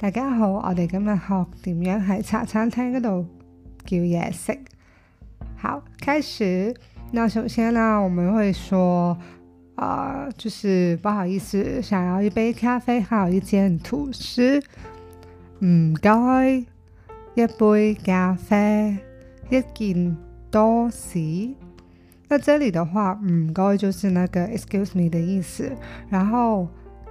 大家好，我哋今日學點樣喺茶餐廳嗰度叫嘢食。好，開始。那首先啦，我們會說，啊、呃，就是不好意思，想要一杯咖啡，還有一件吐司。唔該，一杯咖啡，一件多士。那這裏的話，唔該，就是那個 excuse me 的意思，然後。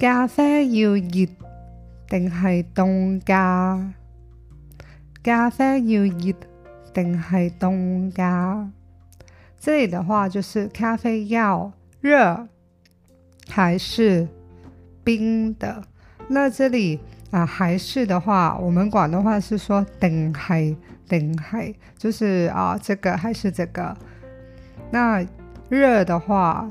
咖啡要熱定係凍㗎？咖啡要熱定係凍㗎？這裏的話就是咖啡要熱還是冰的？那這裏啊、呃、還是的話，我們廣東話是說定係，定係，就是啊，這個還是這個。那熱的話。